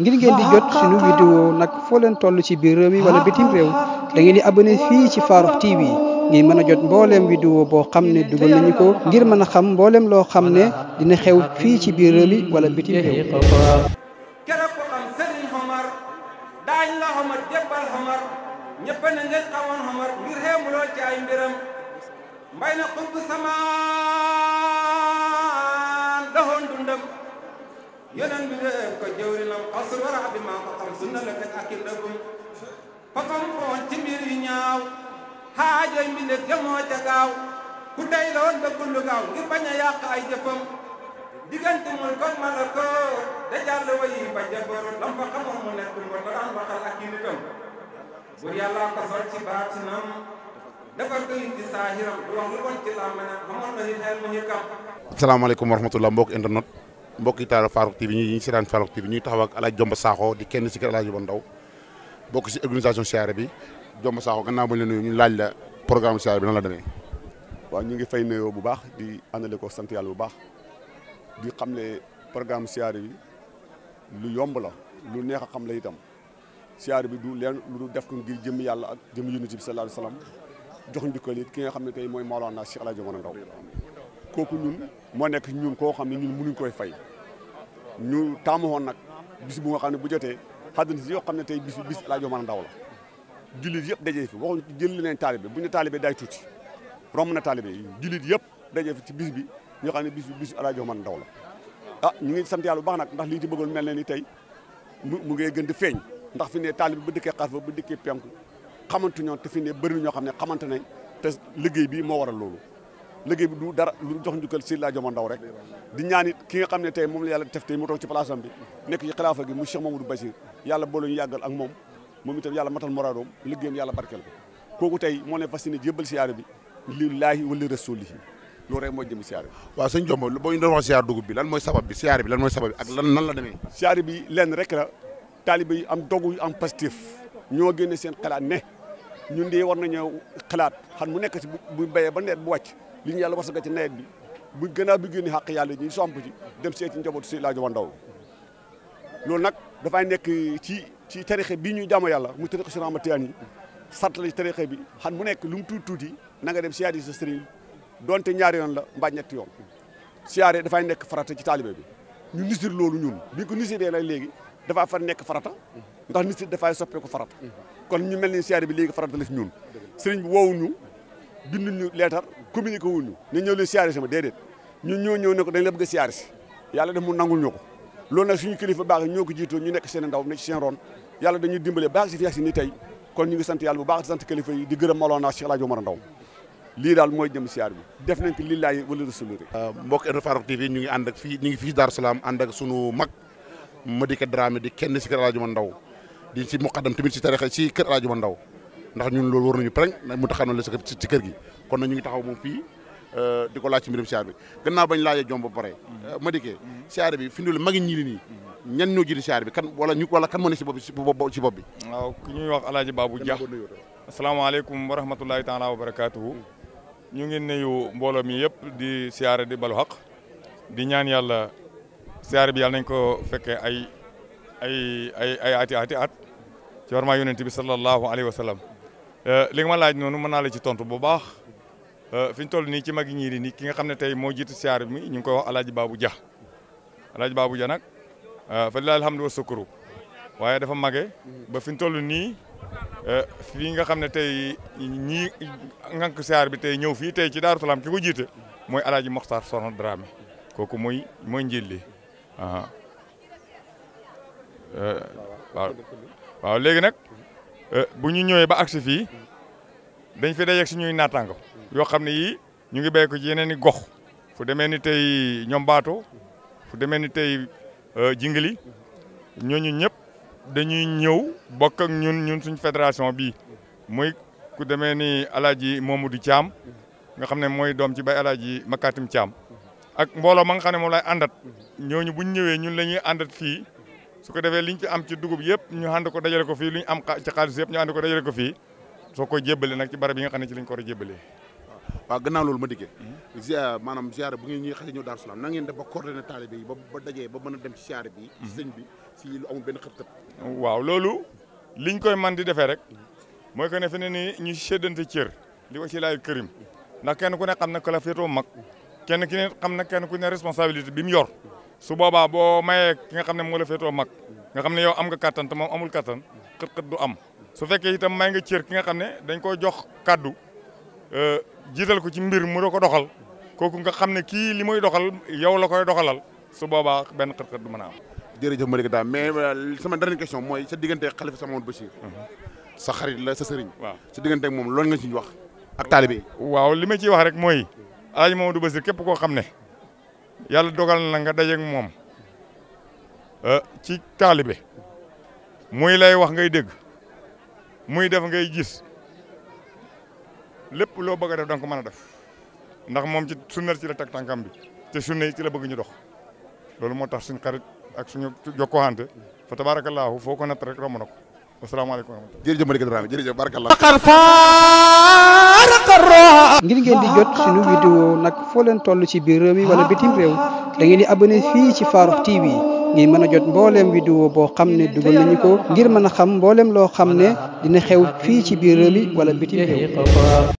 ngir ngeen di jot suñu vidéo nag foo leen toll ci biir réew mi wala bitim réew da di abonné fii ci Farokh TV ngir mën a jot mbooleem vidéo boo xam ne dugal nañu ko ngir mën a xam mbooleem loo xam ne dina xew fii ci biir réew wala bitim réew. keroog ko xam Serigne Omar daañ la Omar jébbal Omar ñëpp na ngeen xamoon Omar ngir ci mbiram mbay na xutbu sama. doxoon dundam yeneen bi réew ko jëwrinam xasr wara bi maa ko xam sunna la teg ak i ndëgum fakam foon ci mbir yu ñaaw xaajoy mbindéef jamoo ca gaaw ku tey la woon dëkku lu gaaw ngir bañ a yàq ay jëfam diggante mul kon mala ko da jàll wayi ba jaboru lam fa xamoon mu nekk mbor la daan waxal ak i nitam bur yàlla ko sol ci baatinam defar ko yit ci saahiram du wax lu ci làmmanam xamoon na ni xel mu ñu salaamaaleykum wa rahmatulah mbokk internet mbokki taal Farokh TV ñi ñu si daan Farokh TV ñuy taxaw ak El Hadj Jomba di kenn si kër El Hadj Ndaw bokk si organisation siyaare bi Jomba Sakho gannaaw ba ñu la nuyu laaj la programme siyaare bi nan la demee. waaw ñu ngi fay nuyoo bu baax di àndale ko sant yàlla bu baax di xamle programme siyaare bi lu yomb la lu neex a xam la itam siyaare bi du leen lu def ko ngir jëm yàlla ak jëm yonent bi sallallahu alayhi wa jox njukkal it ki nga xam ne tey mooy Maolana Cheikh El Hadj Jomba Ndaw kooku ñun moo nekk ñun koo xam ne ñun mënuñ koy fay ñu taamu woon nag bis bu nga xam ne bu jotee xaddina si yoo xam ne tey biss bis laa joo mën a ndaw la jullit yëpp dajee fi waxuñ jël nañ taalibe bu ñu taalibe day tuuti romb na taalibe yi jullit yëpp dajee fi ci bis bi ñoo xam ne bis bis alaa joo mën ndaw la a ah, ñu ngi sant yàlla bu baax nag ndax liñ ci bëggoon mel ne ni tey mu ngay gën feeñ ndax fi ne taalibe ba dëkkee xarfa ba dëkkee penku xamantu ñoon te fi ne bëri na ñoo xam ne xamante nañ te liggéey bi moo war a loolu liggéey bi du dara lu jox njukkal Seydou Laye Dioma Ndao rek di ñaan it ki nga xam ne tey moom la yàlla def tey mu toog ci place am bi nekk ci xilaafa gi mu Cheikh Mamadou Bachir ak moom moom itam yàlla matal moraadoom liggéeyam yàlla barkeel ko kooku tey moo ne fas yéene jébbal siyaare bi lillaahi wala rasulihi loolu rek mooy jëm siyaare bi waaw sëñ Dioma boo ñu doon wax bi lan mooy sabab bi siyaare bi lan mooy sabab bi ak lan nan la demee siyaare bi lenn rek la bi yi am dogu yu am ñoo génne seen xalaat ne ñun de war nañoo xalaat xam mu nekk ci bu béyee ba nawet bu wàcc li ñu yàlla wasaga ci nawet bi bu gënaaw bi ni xàq yàlla ñuy somp ci dem seeti njabootu si laajo wandaw loolu nag dafay nekk ci ci tarixe bii ñuy jaamu yàlla mu tarixe Cheikh Ahmad Tidiane yi bi xam mu nekk lu mu tuuti tuuti na nga dem siyaare yi sa sëriñ donte ñaari yoon la mbaa ñetti yoon siyaare dafay nekk farat ci taalibe bi ñu nisir loolu ñun bi ko nisiree nag léegi dafa far nekk farata ndax nit si dafay soppeeku farata kon ñu mel ni siyaare bi léegi farata la si ñun sëriñ bi woowu ñu bindu ñu leetar communiqué wu ñu ne ñëw leen siyaare sama déedéet ñun ñoo ñëw ne ko dañ la bëgg a siyaare si yàlla ñu ko loolu nag suñu kilifa baax ñoo jiitoo ñu nekk seen ndaw ne ci seen roon yàlla dañuy dimbale baax si fi si ni tey kon ñu ngi sant yàlla bu baax di sant kilifa yi di gërëm Mawlana Cheikh El Hadj Omar Ndaw lii daal mooy jëm siyaar bi def nañ ko lillaahi wala rasulullahi mbokk Farokh TV ñu ngi ànd fii ñu ngi fii Darou Salam ànd ak sunu madi Madické Dramé di kenn si kër Alaaji ma ndaw di si muqaddam tamit si tarixa si kër Alaaji ma ndaw ndax ñun loolu war nañu preng mu taxanoon la si kër gi kon na ñu ngi taxaw moom fii euh, di ko laa ci mbirum siyaar bi gannaaw bañ laajee jom ba pare euh, Madické siyaar bi fi ndul magi ñi li nii ñan ñoo jiitu siyaar bi kan wala ñu wala kan moo ne si bopp si bopp bi waaw ku ñuy wax Alaaji Babou Dia asalaamaaleykum wa rahmatulahi taala wa barakatuhu ñu ngi nuyu mbooloo mi yëpp di siyaare di balu di ñaan yàlla siyaare bi yàlla nañ ko fekkee ay ay ay ay ati ati at ci warmaa yonent bi sallallahu alayhi wa sallam euh, li nga ma laaj noonu mën naa la ci tontu bu baax euh, fi ñu toll nii ci mag yi ñii nii ki nga xam ne tey moo jiit siyaare bi ñu ngi koy wax alaaji baabu ja alaaji baabu ja nag euh, fa lillahi alhamdu wa sukuru waaye dafa mage ba fi ñu toll nii fii nga xam ne tey ñii ngànk siyaare bi tey ñëw fii tey ci Daaru Salaam ki ko jiite mooy alaaji Moxtaar Soxna Dramé kooku mooy mooy njiit li Euh, waaw waaw léegi nag euh, bu ñu ñëwee ba agsi fii dañ fi dajeeg ñuy naataango yoo xam ne yii ñu ngi béy ko yeneen i gox fu demee ni tey ñoom baato fu demee ni tey euh, jingili ñooñu ñëpp dañuy ñëw bokk ak ñun ñun suñ fédération bi mooy ku demee ni alaaji Momadou Thiam nga xam ne mooy doom ci bay alaaji Makatim Thiam ak mbolo ma nga xamne mo lay andat àndat ñooñu buñ ñëwé ñun lañuy andat fi su ko défé liñ ci am ci dugub yépp ñu ànd ko dajalé ko fi liñ am ci xaalis yépp ñu and ko dajalé ko fi so ko jébalé nak ci barab yi nga xamne ci liñ ko war jébalé wa waaw gannaaw loolu ma diggé manam maanaam bu ngeen ñi xali ñu Daaru salam na ngeen def ba coordonné yi ba ba dajé ba mëna dem ci ziar bi ci bi ci lu amul ben xët waaw loolu liñ koy man di défé rek moy ko né fi ni ñu séddante ciir li wa ci lay kërim ndax kenn ku ne xamna ko la féetoo mak kenn ki ne xam na kenn ku ne responsabilité bi mu yor su boobaa boo mayee ki nga xam ne moo la féetoo mag nga xam ne yow am nga kattan te moom amul kattan xët-xët du am su fekkee itam may nga cër ki nga xam ne dañ ko jox kàddu euh, jiital ko ci mbir mu da ko doxal kooku nga xam ne kii li muy doxal yow la koy doxalal su boobaa benn xët-xët du mën a am. jërëjëf Malick Daal mais euh, sama dernière question mooy sa diggante Khalifa Sall Mamadou Bachir. Mhm. sa xarit la sa sëriñ. waaw sa diggante moom loolu nga ci wax. ak taalibe waaw li ma ciy wax rek mooy Aji Mamadou Basir képp koo xam ne yàlla dogal na nga dajeeg moom euh, ci taalibe muy lay wax ngay dégg muy def ngay gis lépp loo bëgg a def danga ko mën def ndax moom ci sunna ci la teg tànkam bi te sunna yi ci la bëgg ñu dox loolu moo tax suñ xarit ak suñu jokkoonte fa tabaarakallaahu foo ko natt rek romb na ko asalaamaaleykum wa rahmatulah. jërëjëf Madické Dramé jërëjëf barakallah. ngir ngeen di jot suñu vidéo nag foo leen toll ci biir réew mi wala bitim réew da ngeen di abonné fii ci Farokh TV ngir mën a jot mbooleem vidéo boo xam ne dugal nañu ko ngir mën a xam mbooleem loo xam ne dina xew fii ci biir réew wala bitim réew.